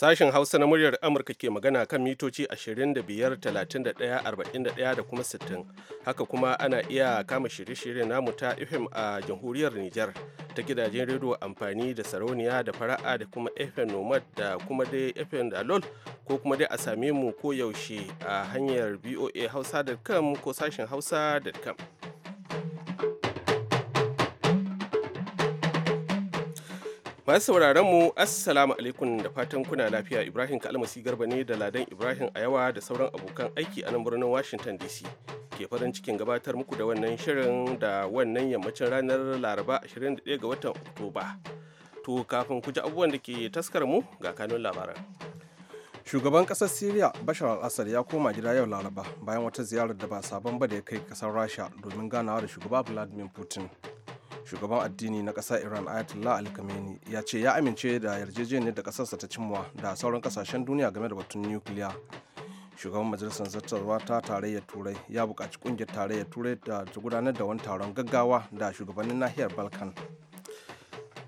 Sashen Hausa na muryar Amurka ke magana kan mitoci 25, 31, 41 da kuma 60. Haka kuma ana iya kama shirye-shirye namu ta FM a jamhuriyar Nijar ta gidajen rediyo amfani da sarauniya da fara'a da kuma FM Nomad da kuma dai FM Dalol ko kuma dai a same mu ko yaushe a hanyar BOA Hausa.com ko sashen Hausa.com. Masu sauraron mu Assalamu alaikum da fatan kuna lafiya Ibrahim Kalmasi Garba ne da Ladan Ibrahim a yawa da sauran abokan aiki a nan birnin Washington DC. Ke farin cikin gabatar muku da wannan shirin da wannan yammacin ranar Laraba 21 ga watan Oktoba. To kafin ku ji abubuwan da ke taskar mu ga kanun labaran. Shugaban ƙasar Siriya Bashar al-Assad ya koma gida yau Laraba bayan wata ziyarar da ba sabon ba da ya kai ƙasar Rasha domin ganawa da shugaba Vladimir Putin. shugaban addini na ƙasar iran ayatollah ali khamenei ya ce ya amince da yarjejeniyar da ƙasarsa ta cimma da sauran ƙasashen duniya game da batun nukiliya shugaban majalisar zartarwa ta tarayyar turai ya bukaci ƙungiyar tarayyar turai da gudanar da wani taron gaggawa da shugabannin nahiyar balkan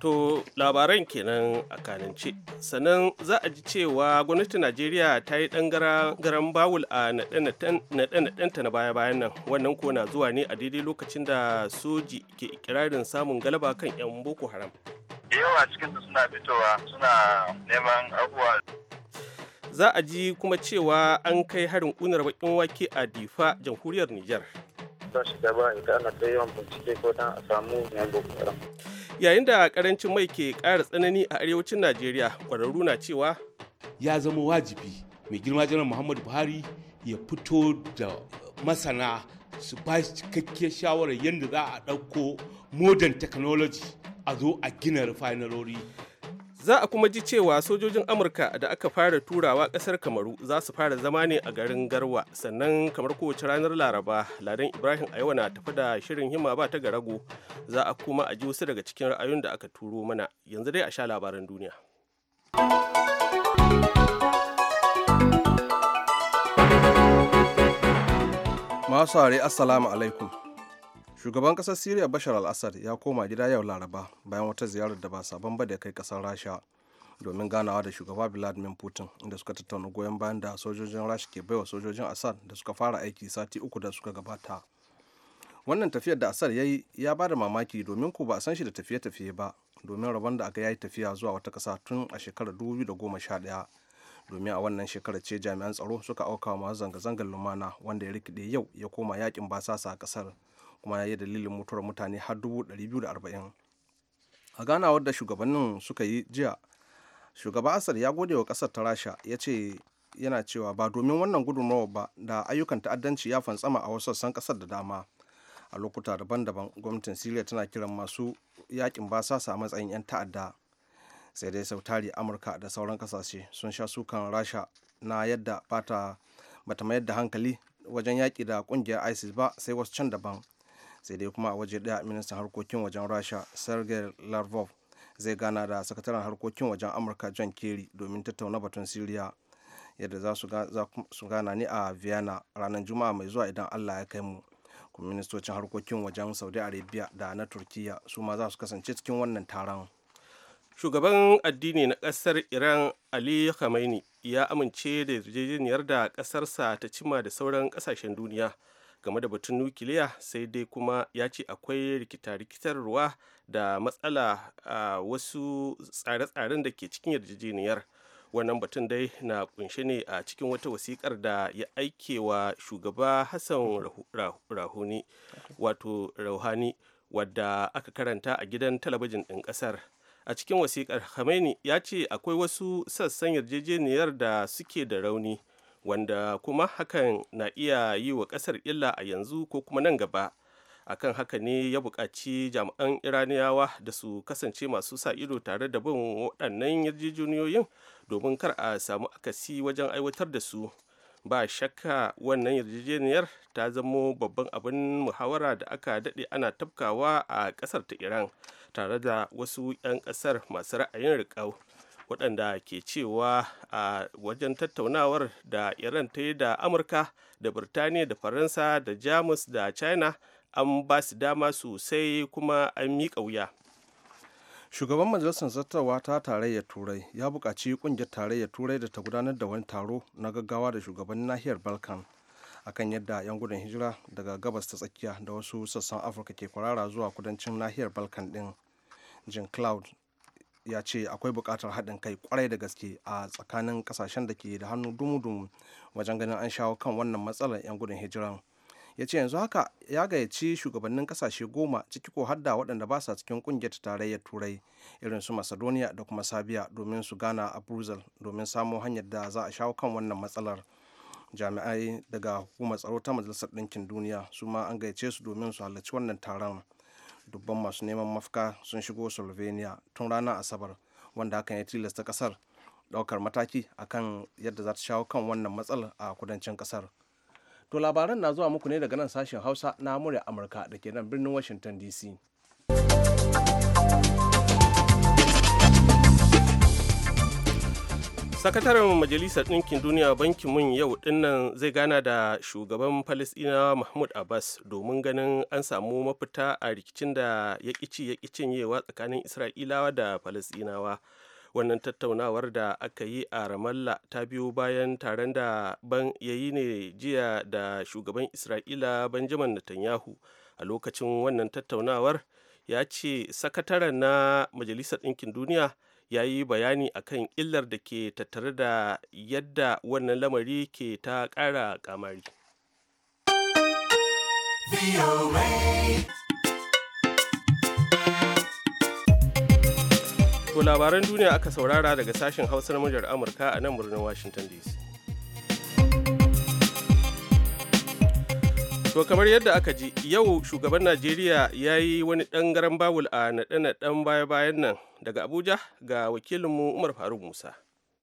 To labaran kenan a kanance. Sannan za a ji cewa gwamnatin Najeriya ta yi ɗan garan bawul a naɗe-naɗenta na baya-bayan nan. Wannan ko na zuwa ne a daidai lokacin da soji ke ikirarin samun galaba kan 'yan Boko Haram. Yawa cikin suna fitowa suna neman abubuwa za a ji kuma cewa an kai harin kunar bakin wake a difa jamhuriyar Nijar. Ba shi gaba idan ana ta yawan bincike ko dan a samu 'yan boko haram. yayin da karancin mai ke ƙara tsanani a arewacin najeriya kwararru na cewa ya zama wajibi mai girma janar muhammadu buhari ya fito da masana su ba shi cikakkiyar shawarar yadda za a ɗauko modern technology a zo a gina refinerori za a kuma ji cewa sojojin amurka da aka fara turawa ƙasar kamaru za su fara zama ne a garin garwa sannan kamar kowace ranar laraba ladan ibrahim a yau na tafi da shirin himma ba ta garago za a kuma a ji wasu daga cikin ra'ayoyin da aka turo mana yanzu dai a sha labaran duniya masu assalamu alaikum shugaban kasar syria bashar al-assad ya koma gida yau laraba bayan wata ziyarar da ba sabon ba da kai kasar rasha domin ganawa da shugaba vladimir putin inda suka tattauna goyon bayan da sojojin rasha ke baiwa sojojin assad da suka fara aiki sati uku da suka gabata wannan tafiyar da assad ya yi ya ba da mamaki domin ko ba a san shi da tafiye-tafiye ba domin rabon da aka yi tafiya zuwa wata kasa tun a shekarar 2011 domin a wannan shekarar ce jami'an tsaro suka auka masu zanga-zangar lumana wanda ya rikide yau ya koma yakin basasa a kasar kuma ya yi dalilin mutuwar mutane har dubu biyu da ɗari arba'in a ganawar da shugabannin suka yi jiya shugaba asar ya gode wa ƙasar ta rasha ya ce yana cewa ba domin wannan gudunmawar ba da ayyukan ta'addanci ya fantsama a wasu sassan kasar da dama a lokuta daban-daban gwamnatin syria tana kiran masu yakin basasa a matsayin 'yan ta'adda sai dai sautari amurka da sauran kasashe sun sha sukan rasha na yadda bata bata mayar da hankali wajen yaƙi da ƙungiyar isis ba sai wasu can daban sai dai kuma a waje daya ministan harkokin wajen rasha sergei larvov zai gana da sakataren harkokin wajen amurka john kerry domin tattauna batun siriya yadda za su gana ne a vienna ranar juma'a mai zuwa idan allah ya kai mu kuma ministocin harkokin wajen saudi arabia da na turkiya su ma za su kasance cikin wannan taron shugaban addini na kasar iran ali khamenei ya amince da yarjejeniyar da kasarsa ta cima da sauran kasashen duniya game da batun nukiliya sai dai kuma ya ce akwai rikita-rikitarwa da matsala a wasu tsare-tsaren da ke cikin yarjejeniyar wannan batun dai na kunshe ne a cikin wata wasikar da ya aike wa shugaba hassan rahuni wato rauhani wadda aka karanta a gidan talabijin ɗin ƙasar a cikin wasikar Khamenei ya ce akwai wasu sassan yarjejeniyar da suke da rauni wanda kuma hakan na iya yi wa ƙasar illa a yanzu ko kuma nan gaba akan haka ne ya buƙaci jami'an iraniyawa da su kasance masu sa ido tare da bin waɗannan yarjejeniyoyin domin kar a samu akasi wajen aiwatar da su ba shakka wannan yarjejeniyar ta zamo babban abin muhawara da aka daɗe ana tafkawa a ƙasar ta iran tare da wasu 'yan ƙasar masu ra'ayin riƙau waɗanda ke cewa a wajen tattaunawar da iran ta yi da amurka da birtaniya da faransa da jamus da china an ba su dama sosai kuma an miƙa wuya shugaban majalisar zartarwa ta tarayyar turai ya buƙaci ƙungiyar tarayyar turai da ta gudanar da wani taro na gaggawa da shugaban nahiyar balkan akan yadda 'yan gudun hijira daga gabas ta tsakiya da wasu sassan afirka ke kwarara zuwa kudancin nahiyar balkan din jim cloud ya ce akwai buƙatar haɗin kai kwarai da gaske a tsakanin ƙasashen da ke da hannu dumu-dumu wajen ganin an shawo kan wannan matsalar 'yan gudun hijiran ya ce yanzu haka ya gayyaci shugabannin ƙasashe goma ciki ko hadda waɗanda ba sa cikin ƙungiyar tarayyar turai irin su macedonia da kuma sabiya domin su gana a brussels domin samo hanyar da za a shawo kan wannan matsalar jami'ai daga hukumar tsaro ta majalisar ɗinkin duniya su ma an gayyace su domin su halarci wannan taron dubban masu neman mafaka sun shigo slovenia tun ranar asabar wanda hakan ya tilasta kasar daukar mataki akan yadda za ta shawo kan wannan matsal a kudancin kasar to labaran na zuwa muku ne daga nan sashen hausa na murya amurka da ke nan birnin washington dc sakataren majalisar ɗinkin duniya bankin mun yau dinnan zai gana da shugaban palestina mahmud abbas domin ganin an samu mafita a rikicin da ya ƙici ya cinyewa tsakanin isra'ilawa da palestinawa wannan tattaunawar da aka yi a ramallah ta biyo bayan taron da ban yayi ne jiya da shugaban isra'ila benjamin netanyahu a lokacin wannan tattaunawar ya ce sakataren na majalisar ɗinkin duniya ya yi bayani akan illar da ke tattare da yadda wannan lamari ke ta ƙara kamari. To labaran duniya aka saurara daga sashen hausar na Amurka a nan birnin Washington DC. To kamar yadda aka ji yau shugaban Najeriya ya yi wani ɗan garan bawul a naɗe-naɗen baya-bayan nan daga Abuja ga wakilinmu Umar Faruk Musa.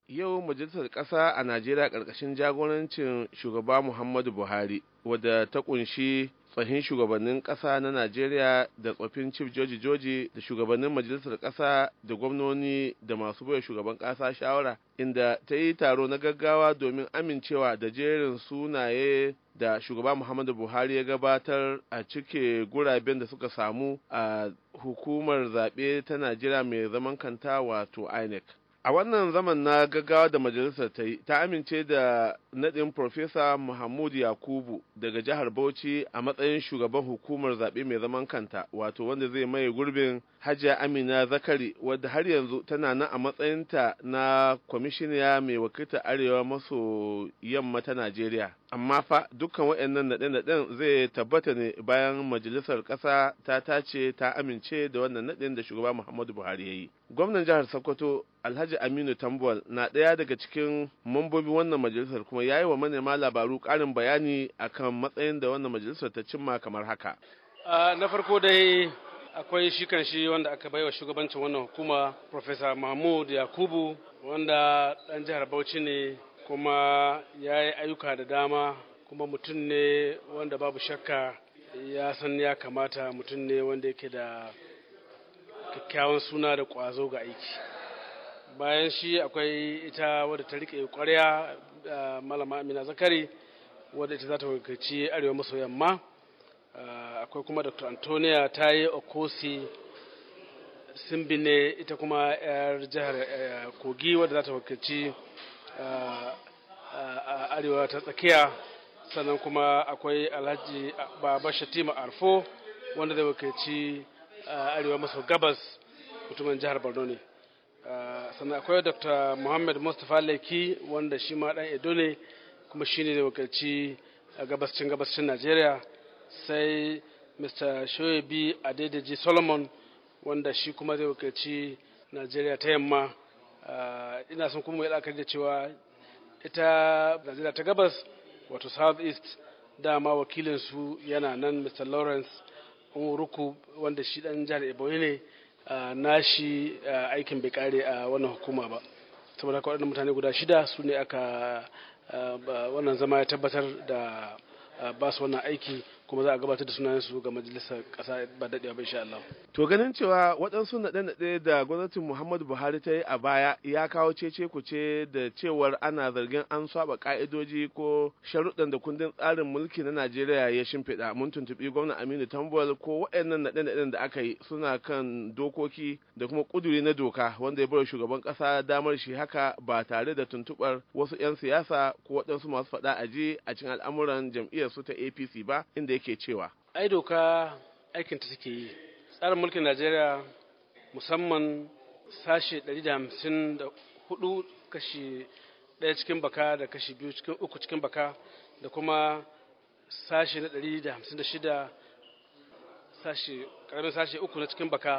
Yau majalisar ƙasa a Najeriya ƙarƙashin jagorancin shugaba Muhammadu Buhari wadda ta ƙunshi tsohon shugabannin ƙasa na Najeriya da tsofin Chief Joji Joji da shugabannin majalisar ƙasa da gwamnoni da masu baiwa shugaban ƙasa shawara inda ta yi taro na gaggawa domin amincewa da jerin sunaye da shugaba Muhammadu Buhari ya gabatar a cike guraben da suka samu a hukumar zaɓe ta Najeriya mai zaman kanta wato INEC. A wannan zaman na gaggawa da majalisar ta yi ta amince da nadin Profesa Muhammad Yakubu daga jihar Bauchi a matsayin shugaban hukumar zaɓe mai zaman kanta wato wanda zai maye gurbin Hajiya Amina Zakari wadda har yanzu tana nan a matsayinta na kwamishiniya mai wakilta arewa maso yamma ta Najeriya. Amma fa dukkan waɗannan naɗe-naɗen zai tabbata ne bayan majalisar ƙasa ta tace ta amince da wannan naɗin da shugaba Muhammadu Buhari ya yi. Gwamnan jihar Sokoto Alhaji Aminu Tambuwal na ɗaya daga cikin mambobin wannan majalisar kuma kuma ya yi wa manema labaru ƙarin bayani akan matsayin da wannan majalisar ta cimma kamar haka. na farko dai akwai shi kan shi wanda aka baiwa shugabancin wannan hukuma Profesa Mahmud Yakubu wanda ɗan jihar Bauchi ne kuma ya yi ayyuka da dama kuma mutum ne wanda babu shakka ya san ya kamata mutum ne wanda yake da kyakkyawan suna da ƙwazo ga aiki. bayan shi akwai ita wadda ta rike kwarya malama amina zakari wadda ita za ta wakilci arewa maso yamma ah, akwai kuma dr antonia ta yi okosi simbine ita kuma yar jihar eh, kogi wadda za ta wakilci ah, ah, arewa ta tsakiya sannan kuma akwai alhaji baba shatima arfo wanda zai wakilci arewa maso gabas mutumin jihar borno ne Ah, sannan akwai dr muhammad mustapha laiki wanda shi ma dan edo ne kuma shi ne da wakilci a ah, gabascin gabascin najeriya sai mr shoebi adedeji solomon wanda shi kuma zai wakilci najeriya ta yamma ah, ina son kuma yi da cewa ita nigeria ta gabas wato south east dama wakilinsu yana nan mr lawrence uruku wanda shi dan jihar ebonyi ne nashi aikin bai kare a wannan hukuma ba saboda haka mutane guda shida su ne aka wannan zama ya tabbatar da ba su wannan aiki kuma za a gabatar da sunayen su ga majalisar kasa ba daɗewa ba insha Allah. To ganin cewa waɗansu naɗe-naɗe da gwamnatin Muhammadu Buhari ta yi a baya ya kawo cece kuce da cewar ana zargin an saba ka'idoji ko sharuɗan da kundin tsarin mulki na Najeriya ya shimfiɗa mun tuntuɓi gwamna Aminu Tambuwal ko waɗannan naɗe-naɗen da aka yi suna kan dokoki da kuma kuduri na doka wanda ya bar shugaban ƙasa damar shi haka ba tare da tuntuɓar wasu 'yan siyasa ko waɗansu masu faɗa aji a cikin al'amuran jam'iyyar su ta APC ba inda yake cewa ai doka aikin ta suke yi tsarin mulkin najeriya musamman sashe 154 kashi ɗaya cikin baka da kashi biyu cikin uku cikin baka da kuma sashe na 156 sashe karamin sashe uku na cikin baka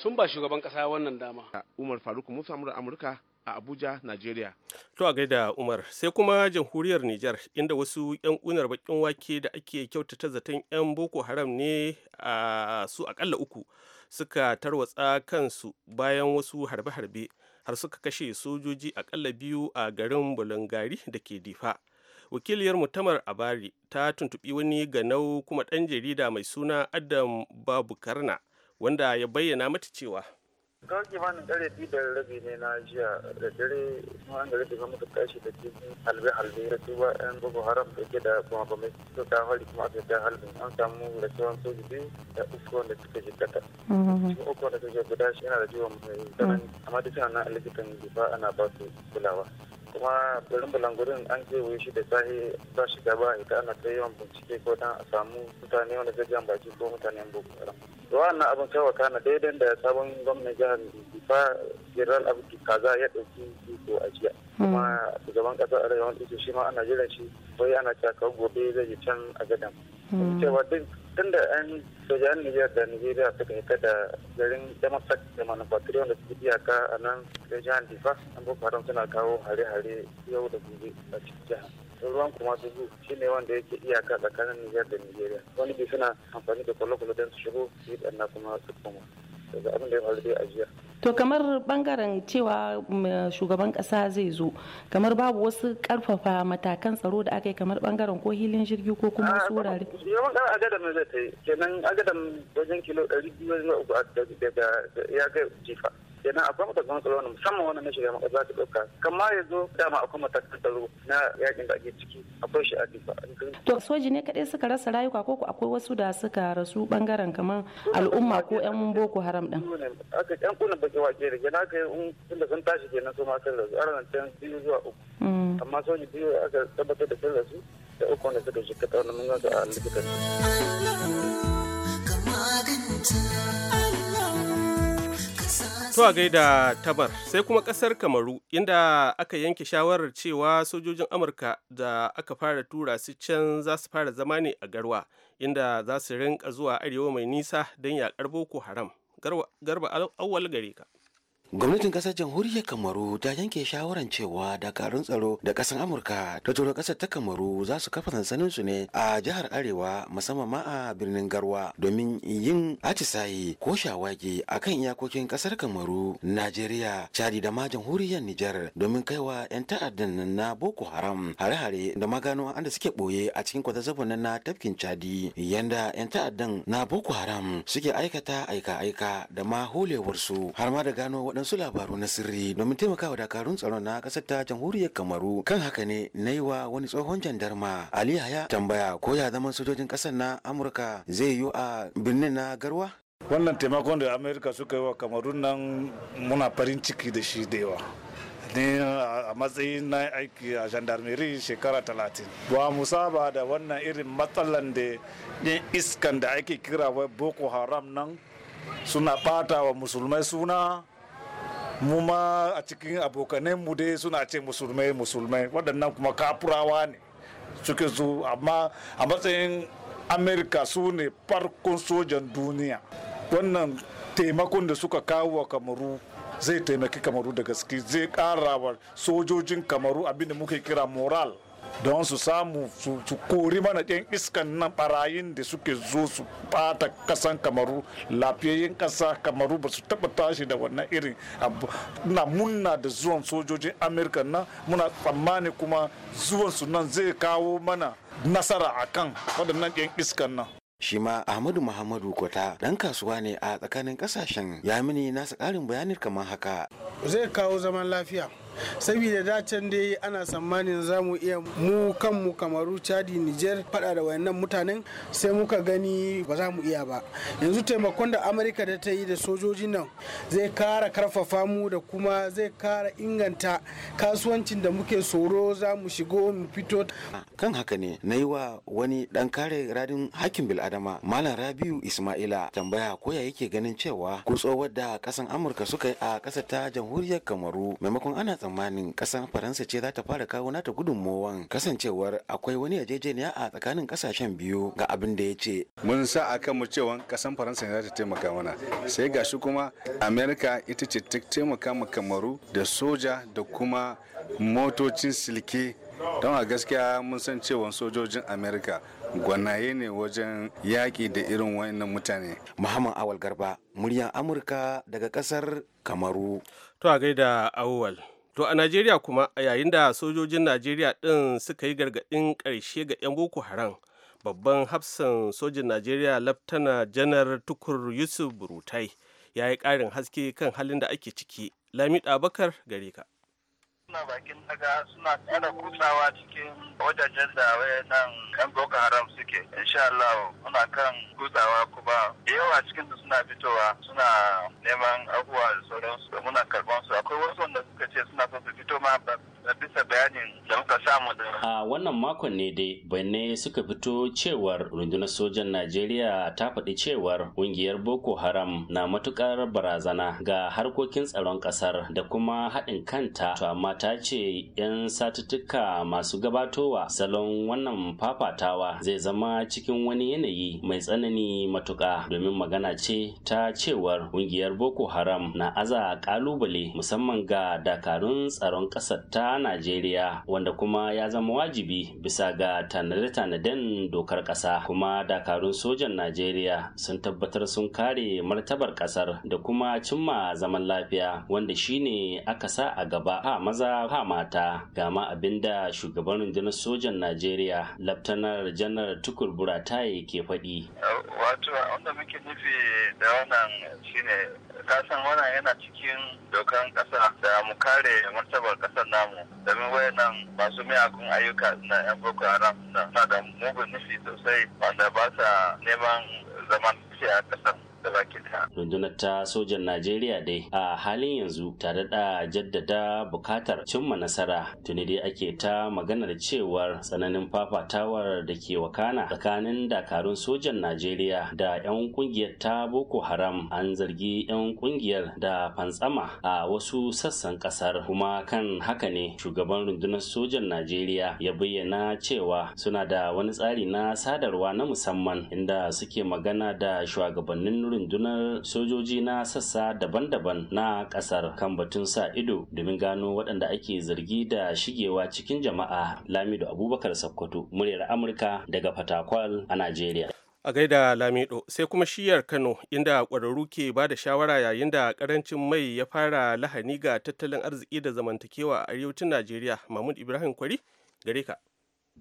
sun ba shugaban kasa wannan dama umar faruk musa amurka a abuja nigeria to a gaida umar sai kuma jamhuriyar nijar inda wasu 'yan unar bakin wake da ake kyautata zaton 'yan boko haram ne a su akalla uku suka tarwatsa kansu bayan wasu harbe-harbe har suka kashe sojoji akalla biyu a garin bulangari da ke difa wakiliyar mutamar abari ta tuntuɓi wani ganau kuma ɗan jarida mai suna adam babu karna wanda ya bayyana mata cewa Kawai kimanin ƙarfe biyu da rabi ne na jiya da dare kuma an gari daga muka tashi da cikin halbe-halbe da tuba yan boko haram da ke da kuma ba mai su ta hali kuma a ta halbe an samu da tsawon soji biyu da uku wanda suka kata Cikin mm-hmm. uku wanda suka guda shi yana da jiwon mai tsanani amma duk yana nan likitan ba ana ba su kulawa. kuma birnin balangurin an kewaye shi da sahi ba gaba ba ita ana ta yawan bincike ko dan a samu mutane wanda zai jan baki ko mutanen boko haram. wannan abin sai na daidai da sabon gwamnan jihar Bifa General Abdul Kaza ya ɗauki iko a jiya. Kuma shugaban ƙasar Arewa ita shi ma ana jiran shi bai ana cakar gobe zai yi can a gadan. Hmm. Cewa duk tun da an sojan Nijar da Nijeriya suka yi da garin Damasak da Manufaturi wanda suke iyaka a nan jihar Bifa an boko haram suna kawo hare-hare yau da gobe a cikin jihar. ruwan kuma dubu shi ne wanda yake iyaka tsakanin Nijar da Nijeriya wani bi suna amfani da kwallo-kwallo don su shigo su yi kuma su koma daga abin da ya faru dai a jiya. To kamar bangaren cewa mm, shugaban kasa zai zo kamar babu wasu karfafa matakan tsaro da aka yi kamar bangaren ko hilin jirgi ko kuma wasu wurare. Yawan kan agadam ne zai ta yi kenan agadam wajen kilo ɗari biyu ya kai jifa. kenan akwai matakan tsaro na musamman wannan na shiga maka za ka ɗauka kamar ya zo dama akwai matakan tsaro na yakin da ake ciki akwai shi a difa to soji ne kaɗai suka rasa rayuka ko akwai wasu da suka rasu bangaren kamar al'umma ko yan boko haram ɗin aka yan kuna baki wake da kenan aka yi tun da sun tashi kenan su ma kan rasu a ranar can biyu zuwa uku mm. amma soji biyu aka tabbatar da sun rasu da uku wanda suka shi kaɗa wani mun ga a likitan. Ka maganta To a gaida tabar sai kuma kasar Kamaru inda aka yanke shawarar cewa sojojin Amurka da aka fara tura su can za su fara zama ne a garwa inda za su rinka zuwa arewa mai nisa don yakar Boko Haram. Garba awwal gare ka. Gwamnatin kasar jamhuriyar Kamaru ta yanke shawarar cewa dakarun tsaro da kasar Amurka ta turo kasar ta Kamaru za su kafa sansanin su ne a jihar Arewa musamman ma a birnin Garwa domin yin atisaye ko shawagi kan iyakokin kasar Kamaru, Najeriya, Chadi da ma jamhuriyar Nijar domin kaiwa 'yan ta'addan na Boko Haram hare-hare da magano da suke boye a cikin kwazazzabon na tafkin Chadi yanda 'yan ta'addan na Boko Haram suke aikata aika-aika da ma hulewarsu har ma da gano waɗansu labaru na sirri domin taimakawa dakarun tsaro na ƙasar ta jamhuriyar kamaru kan haka ne na yi wa wani tsohon jandarma ali haya tambaya ko ya zama sojojin ƙasar na amurka zai yi a birnin na garwa wannan taimakon da amerika suka yi wa kamaru nan muna farin ciki da shi da yawa ne a matsayin na aiki a gendarmerie shekara talatin ba mu saba da wannan irin matsalan da yin iskan da ake kira wai boko haram nan suna ɓata wa musulmai suna mu ma a cikin abokanai mu dai suna ce musulmai musulmai waɗannan kuma kafurawa ne suke su amma a matsayin amerika su ne farkon sojan duniya wannan taimakon da suka kawo wa kamaru zai taimaki kamaru da gaske zai ƙara wa sojojin kamaru abinda muke kira moral don su samu su kori mana yan iskan nan barayin da suke zo su bata kasan kamaru lafiyayyen kasa kamaru ba su taba tashi da wannan irin abu na munna da zuwan sojojin amurka na muna tsammani kuma zuwan su nan zai kawo mana nasara a kan waɗannan yan iskan nan shi ma ahmadu muhammadu kota ɗan kasuwa ne a tsakanin ƙasashen yamini nasa ƙarin bayanin kamar haka zai kawo zaman lafiya saboda dacen dai ana tsammanin za mu iya mu kanmu kamaru chadi niger fada da wayannan mutanen sai muka gani ba za mu iya ba yanzu taimakon da amurka da ta yi da sojoji nan zai kara karfafa mu da kuma zai kara inganta kasuwancin da muke tsoro za mu shigo mu fito kan haka ne na yi wa wani dan kare radin hakkin bil'adama malam rabiu ismaila tambaya ko ya yake ganin cewa kutsowar da kasan amurka suka yi a kasar ta jamhuriyar kamaru maimakon ana tsammanin kasar faransa ce za ta fara kawo nata gudunmowan kasancewar akwai wani yarjejeniya a tsakanin kasashen biyu ga abin da ya ce mun sa a kanmu cewa kasar faransa ne za ta taimaka mana sai ga shi kuma amerika ita ce ta taimaka ma kamaru da soja da kuma motocin silke don a gaskiya mun san cewa sojojin amerika gwanaye ne wajen yaƙi da irin wayannan mutane muhammad awal garba muryar amurka daga ƙasar kamaru to a gaida awal To a Najeriya kuma a yayin da sojojin Najeriya ɗin suka yi gargaɗin ƙarshe ga 'yan Boko Haram, babban hafsan sojin Najeriya Laftana Janar Tukur Yusuf Burutai ya yi ƙarin haske kan halin da ake ciki. Lami Abakar gare ka. suna bakin daga suna kara kusawa cikin wajajen da wayannan kan boko haram suke insha Allah muna kan kusawa kuma da yawa cikin su suna fitowa suna neman abubuwa da sauransu muna karban su akwai wasu wanda suka ce suna son su fito ma ba bisa bayanin da muka samu da a wannan makon ne dai bane suka fito cewar rundunar sojan najeriya ta faɗi cewar ƙungiyar boko haram na matuƙar barazana ga harkokin tsaron ƙasar da kuma haɗin kanta to amma ta ce 'yan satuttuka masu gabatowa salon wannan fafatawa zai zama cikin wani yanayi mai tsanani matuƙa domin magana ce ta cewar ƙungiyar boko haram na aza ƙalubale musamman ga dakarun tsaron ƙasar ta a Najeriya wanda kuma ya zama wajibi bisa ga tanade-tanaden dokar ƙasa kuma dakarun sojan Najeriya sun tabbatar sun kare martabar ƙasar da kuma cimma zaman lafiya wanda shine aka sa a gaba a maza ha mata gama abinda shugaban rundunar sojan Najeriya Laftanar Janar Tukur Buratai ke faɗi. Wato wanda muke nufi da wannan shine kasan wannan yana cikin dokan ƙasa da mu kare martabar ƙasar namu domin wayannan masu miyakun ayyuka na yan boko haram na da mugun nufi sosai wanda ba sa neman zaman a ƙasar gabaki Rundunar ta sojan Najeriya dai a halin yanzu tare da jaddada bukatar cimma nasara tuni dai ake ta maganar cewar tsananin fafatawar da ke wakana tsakanin dakarun sojan Najeriya da 'yan kungiyar ta Boko Haram an zargi 'yan kungiyar da fantsama a wasu sassan kasar kuma kan haka ne shugaban rundunar sojan Najeriya ya bayyana cewa suna da wani tsari na sadarwa na musamman inda suke magana da shugabannin rundunar sojoji na sassa daban-daban na kasar kan batun sa ido domin gano waɗanda ake zargi da shigewa cikin jama'a lamido abubakar sakkwato muryar amurka daga fatakwal a nigeria. a gaida lamido sai kuma shiyar kano inda ƙwararru ke ba da shawara yayin da karancin mai ya fara lahani ga tattalin arziki da zamantakewa a arewacin najeriya mahmud ibrahim kwari gare ka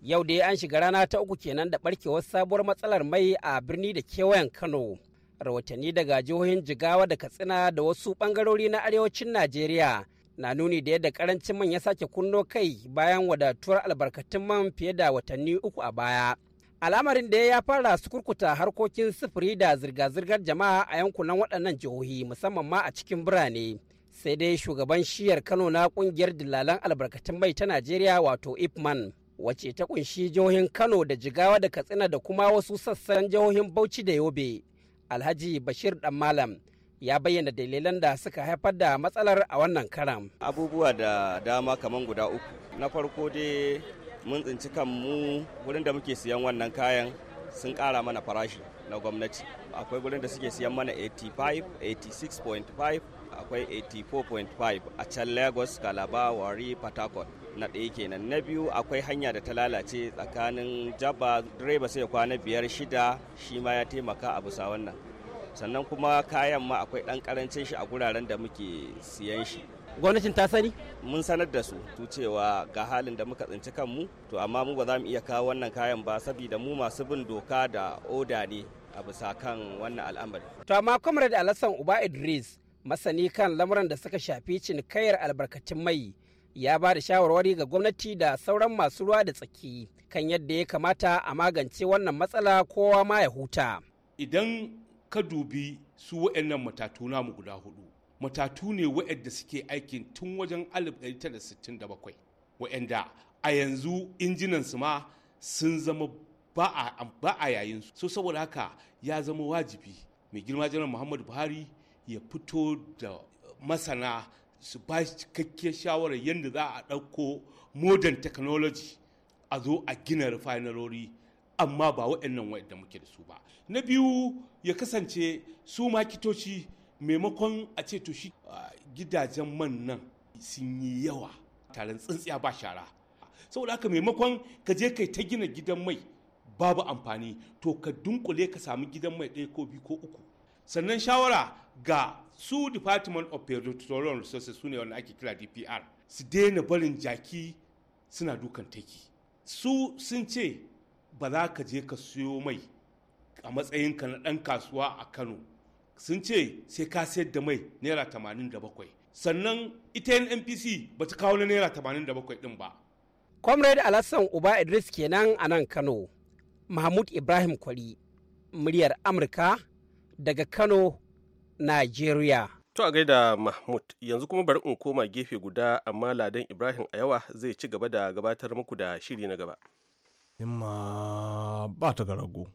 yau da an shiga rana ta uku kenan da barkewar sabuwar matsalar mai a birni da kewayen kano rahotanni daga jihohin jigawa da katsina da wasu bangarori na arewacin najeriya na nuni da yadda karancin man ya sake kunno kai bayan wadatuwar albarkatun man fiye da watanni uku a baya al'amarin da ya fara su kurkuta harkokin sufuri da zirga-zirgar jama'a a yankunan waɗannan jihohi musamman ma a cikin birane sai dai shugaban shiyar kano na ƙungiyar dillalan albarkatun mai ta najeriya wato ipman wace ta kunshi jihohin kano da jigawa da katsina da kuma wasu sassan jihohin bauchi da yobe alhaji bashir dan malam ya bayyana dalilan da suka haifar da matsalar a wannan karam abubuwa da dama kamar guda uku na farko dai mun tsinci kanmu wurin da muke siyan wannan kayan sun kara mana farashi na gwamnati akwai wurin da suke siyan mana 85 86.5 akwai 84.5 a can lagos calabar wari port na ɗaya kenan na biyu akwai hanya da ta lalace tsakanin jaba direba sai ya kwana biyar shida shi ma ya taimaka a bisa wannan sannan kuma kayan ma akwai ɗan ƙarancin shi a guraren da muke siyan shi gwamnatin ta sani mun sanar da su tu cewa ga halin da muka tsinci kanmu to amma mu ba za mu iya kawo wannan kayan ba saboda mu masu bin doka da oda ne a bisa kan wannan al'amari to amma da alassan uba idris masani kan lamuran da suka shafi cinikayyar albarkacin mai ya ba da shawarwari ga gwamnati da sauran masu ruwa da tsaki kan yadda ya kamata a magance wannan matsala kowa ma ya huta. Idan ka dubi su wa'annan matatu namu guda hudu, matatu ne wa'adda suke aikin tun wajen 1967 wa'anda a yanzu injinansu ma sun zama ba a yayin su. So saboda haka ya zama wajibi mai girma janar Muhammadu Buhari ya fito da masana su ba shi cikakkiyar shawarar yadda za a ɗauko modern technology a zo a gina refinerori amma ba waɗannan waɗanda muke da su ba na biyu ya kasance su makitoci maimakon a ce to shi gidajen man nan sun yi yawa taron tsintsiya ba shara saboda haka maimakon ka je kai ta gina gidan mai babu amfani to ka dunkule ka samu gidan mai ɗaya ko biyu ko uku sannan shawara ga su department of petroleum resources su ne wanda ake kira dpr su daina barin jaki suna dukan taki su sun ce ba za ka je ka siyo mai a matsayinka na ɗan kasuwa a kano sun ce sai ka sayar da mai naira 87 sannan ita npc ba ta kawo na naira 87 din ba comrade alassan uba idris kenan a nan kano mahmud ibrahim kwari muryar amurka daga kano Najeriya. To a gaida Mahmud yanzu kuma bari in koma gefe guda amma Ladan Ibrahim a yawa zai ci gaba da gabatar muku da shiri na gaba. Himma ba ta garago.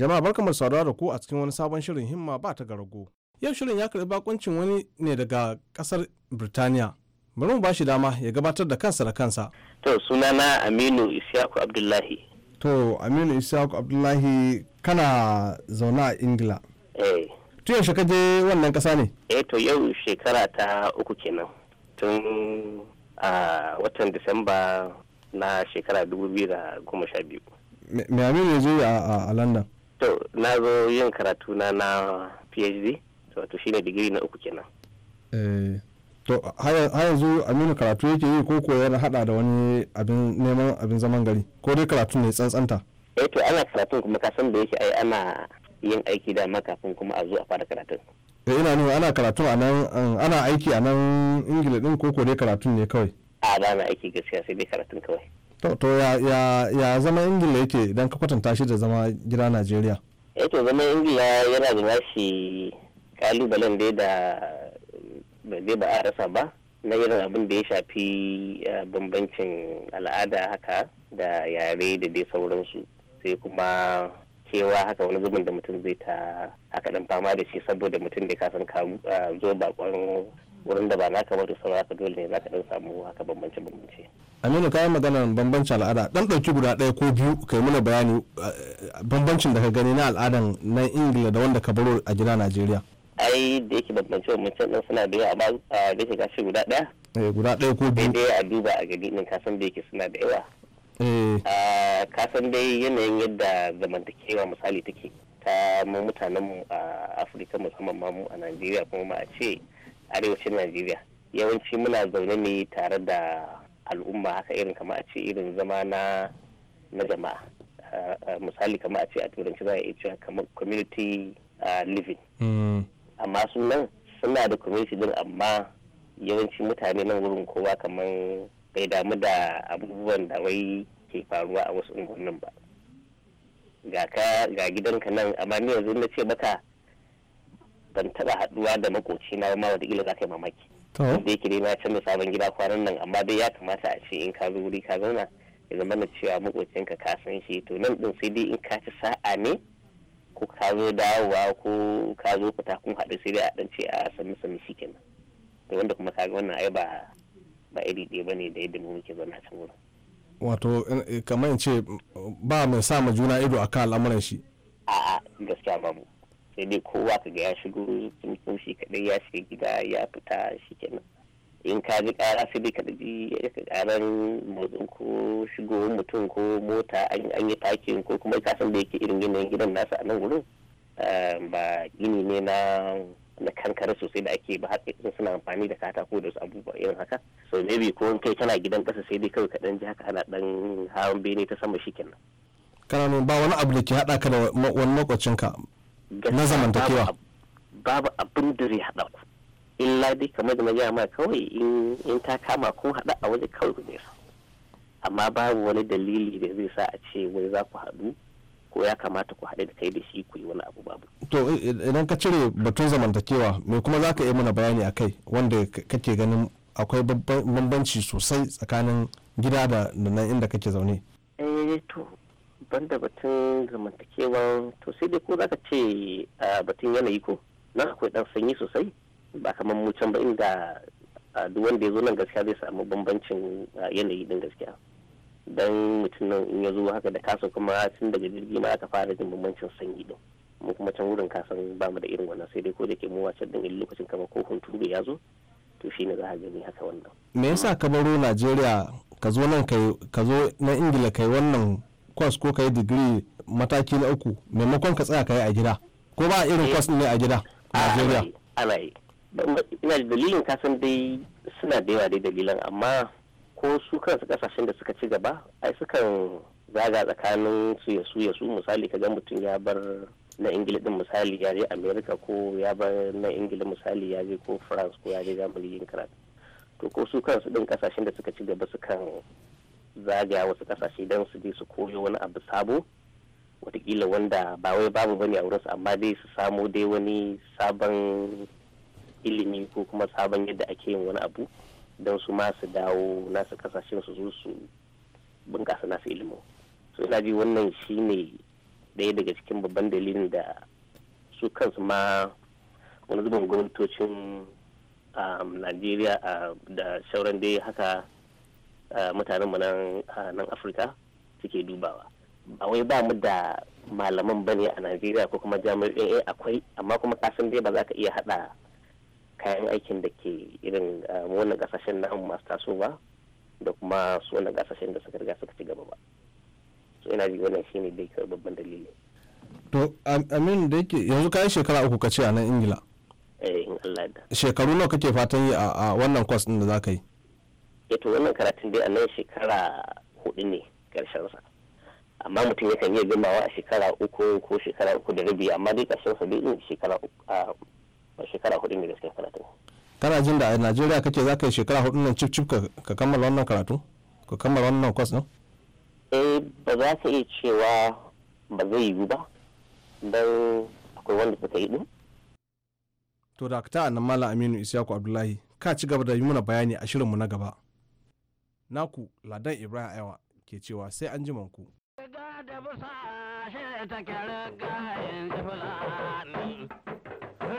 Jama'a barkamu saduwa da ku a cikin wani sabon shirin himma ba ta garago. Yau shirin ya karɓi bakuncin wani ne daga ƙasar Birtaniya bari mu bashi dama ya gabatar da kansa da kansa to sunana aminu isiyaku abdullahi to aminu isiyaku abdullahi kana zaune a ingila eh tun yaushe ka je wannan kasa ne eh to yau shekara ta uku kenan tun a watan disamba na shekara dubu biyu goma sha biyu. me aminu ya zo a london to na zo yin karatu na na phd wato shine digiri na uku kenan eh. to har yanzu aminu karatu yake yi ko yana hada da wani abin neman abin zaman gari ko dai karatu ne tsantsanta eh to ana karatun kuma san da yake ai ana yin aiki da makafin kuma a zo a fara karatun eh ina nuna ana karatu a nan ana aiki a nan ingila din ko ko dai karatun ne kawai a ba na aiki gaskiya sai dai karatun kawai to to ya ya ya zama ingila yake idan ka kwatanta shi da zama gida najeriya eh to zaman ingila yana da shi kalubalen dai da ba dai ba a rasa ba na irin abin da ya shafi eh, bambancin al'ada haka da yare da dai sauransu sai kuma kewa haka wani zubin da mutum zai ta haka dan fama da shi saboda mutum da kasan ka eh, zo bakon wurin da ba na kama da sauran haka dole ne za ka dan samu haka bambance bambance aminu kayan maganar bambancin al'ada dan dauki guda ɗaya ko biyu kai mana bayani eh, bambancin da ka gani na al'adan na ingila da wanda ka baro a gida najeriya ai da yake bambance mutum din suna da yawa ba a da ga guda ɗaya eh, guda ɗaya ko biyu dai a duba a gani din kasan da yake suna da yawa eh kasan dai yanayin yadda zamantakewa misali take ta mu mutanen mu a Afirka musamman ma mu a Najeriya kuma ma a ce arewacin Najeriya yawanci muna zaune ne tare da al'umma haka irin kama a ce irin zama na na jama'a misali kama a ce a turanci za a iya cewa kamar community living hmm. amma sun nan suna da community din amma yawanci mutane nan wurin kowa kamar bai damu da abubuwan da wai ke faruwa a wasu unguwannin ba ga ka ga gidanka nan amma ni yanzu na ce maka ban taba haduwa da makoci na ma wata ila zaka ka yi mamaki da yake dai na canza sabon gida kwanan nan amma dai ya kamata a ce in ka zo wuri ka zauna ya zama na cewa makocinka ka san shi to nan din sai dai in ka ci sa'a ne ko ka zo dawowa ko ka zo fita kun haɗu sai dai a ɗan ce a sami sami shi kenan da wanda kuma kaga wannan ai ba ba iri ɗaya ne da yadda mu muke zauna can wurin wato eh, kamar in ce ba mai sa ma juna ido akan al'amuran shi a'a gaskiya ba mu sai dai kowa ka ga ya shigo mutum shi kaɗai ya shiga gida ya fita shi kenan in ka ji kara sai dai ka ji karan motsin ko shigowar mutum ko mota an yi takin ko kuma ka san da yake irin yanayin gidan nasa a nan wurin eh, ba gini ne na na kankare sosai da ake ba haka suna amfani da katako da wasu abubuwa irin haka so maybe ko kai kana gidan kasa sai dai kawai kaɗan ji haka ana ɗan hawan bene ta sama shi kenan kana ba wani abu da ke haɗa ka da wani makwacin ka na zamantakewa babu abin da zai haɗa ku in Ladi kamar da na ma kawai in ta kama ko haɗu a waje kawai ku amma babu wani dalili da zai sa a ce wai za ku haɗu ko ya kamata ku haɗu da kai da shi ku yi wani abu babu. to idan ka cire batun zamantakewa me kuma za ka yi mana bayani a kai wanda kake ganin akwai bambanci sosai tsakanin gida da nan inda kake zaune. eh to banda batun zamantakewa to sai dai ko za ka ce ah, batun yanayi ko na akwai ɗan sanyi sosai ba kamar mu can ba inda duk wanda ya zo nan gaskiya zai samu bambancin yanayi din gaskiya don mutum nan in ya zo haka da kasan kuma tun daga jirgi ma aka fara jin bambancin sanyi din mu kuma can wurin kasan ba mu da irin wannan sai dai ko da ke mu wace din lokacin kama ko hunturu ya zo to shine za a gani haka wannan me yasa ka baro Najeriya ka zo nan kai ka zo na Ingila kai wannan kwas ko kai digiri mataki na uku maimakon ka tsaya kai a gida ko ba irin kwas ne a gida Najeriya ana yi ina da dalilin kasan dai suna da yawa dai dalilan amma ko su kansu kasashen da suka ci gaba ai sukan zaga tsakanin su ya su ya su misali kaga mutum ya bar na ingila din misali ya je america ko ya bar na ingila misali ya je ko france ko ya je zamani yin to ko su kansu din kasashen da suka ci gaba sukan zagaya wasu kasashe don su je su koyo wani abu sabo watakila wanda ba wai babu bane a wurinsu amma dai su samo dai wani sabon ilimi ko kuma sabon yadda ake yin wani abu don su ma su dawo nasu kasashen su zo su bunƙasa nasu ilimin so ina ji wannan shi ne ɗaya daga cikin babban dalilin da su kansu ma wani zubin gwamnatocin um, najeriya um, da shauran dai haka uh, mutanenmu uh, nan afirka suke dubawa ba wai ba mu da malaman bane a najeriya ko kuma jami'ai eh, akwai amma kuma kasan dai ba za ka iya hada kayan aikin da ke irin eh, wani kasashen namu masu tasowa da kuma su wani kasashen da suka riga suka ci gaba ba so ina ji wannan shine dai kawai babban dalili to amin da yake yanzu kayan shekara uku ka ce a nan ingila eh, shekaru nawa kake fatan yi a wannan kwas din da za ka yi eh, to wannan karatun dai a nan shekara hudu ne karshen sa amma mutum yakan iya gamawa a shekara uku ko shekara uku da rabi amma dai karshen sa dai shekara uku a shekara hudu ne da suke karatu kana jin da a najeriya kake za ka yi shekara hudu nan cif cif ka kammala wannan karatu ka kammala wannan kwas ɗin. eh ba za ka iya cewa ba zai yiwu ba don akwai wanda suka yi ɗin. to da ta nan malam aminu isyaku abdullahi ka ci gaba da yi mana bayani a shirinmu na gaba naku ladan ibrahim aiwa ke cewa sai an ji manku da busa shi take riga yin fulani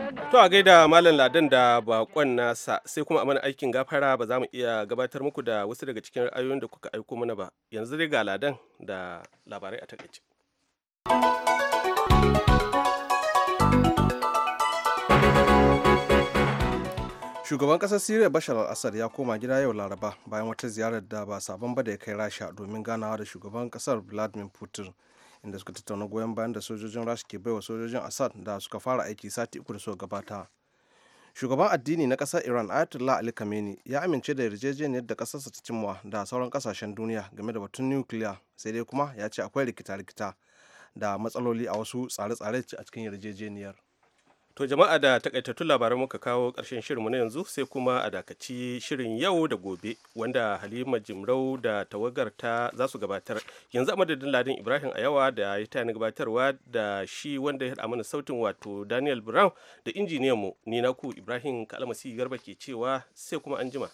To a gaida Malam Ladan da bakon nasa sai kuma a mana aikin gafara ba za mu iya gabatar muku da wasu daga cikin ra'ayoyin da kuka aiko mana ba. Yanzu dai ga Ladan da labarai a takaice. Shugaban ƙasar Siriya Bashar al-Assad ya koma gida yau Laraba bayan wata ziyarar da ba sabon ba da ya kai Rasha domin ganawa da shugaban ƙasar Vladimir Putin. inda suka tattauna goyon bayan da sojojin rasha ke baiwa sojojin assad da suka fara aiki sati uku da suka gabata shugaban addini na ƙasar iran ayatollah ali kameni ya amince da yarjejeniyar da ƙasarsa ta cimma da sauran kasashen duniya game da batun nukiliya sai dai kuma ya ce akwai rikita-rikita da matsaloli a wasu tsare-tsare a cikin yarjejeniyar To jama'a da takaitattun labaran muka kawo ƙarshen shirinmu na yanzu sai kuma a dakaci shirin yau da gobe wanda Halima Jimrau da tawagarta za su gabatar. Yanzu a madadin Ladin Ibrahim Ayawa da ya ni gabatarwa da shi wanda ya haɗa mana sautin wato Daniel Brown da injiniyan mu ni ku Ibrahim Kalmasi Garba ke cewa sai kuma an jima.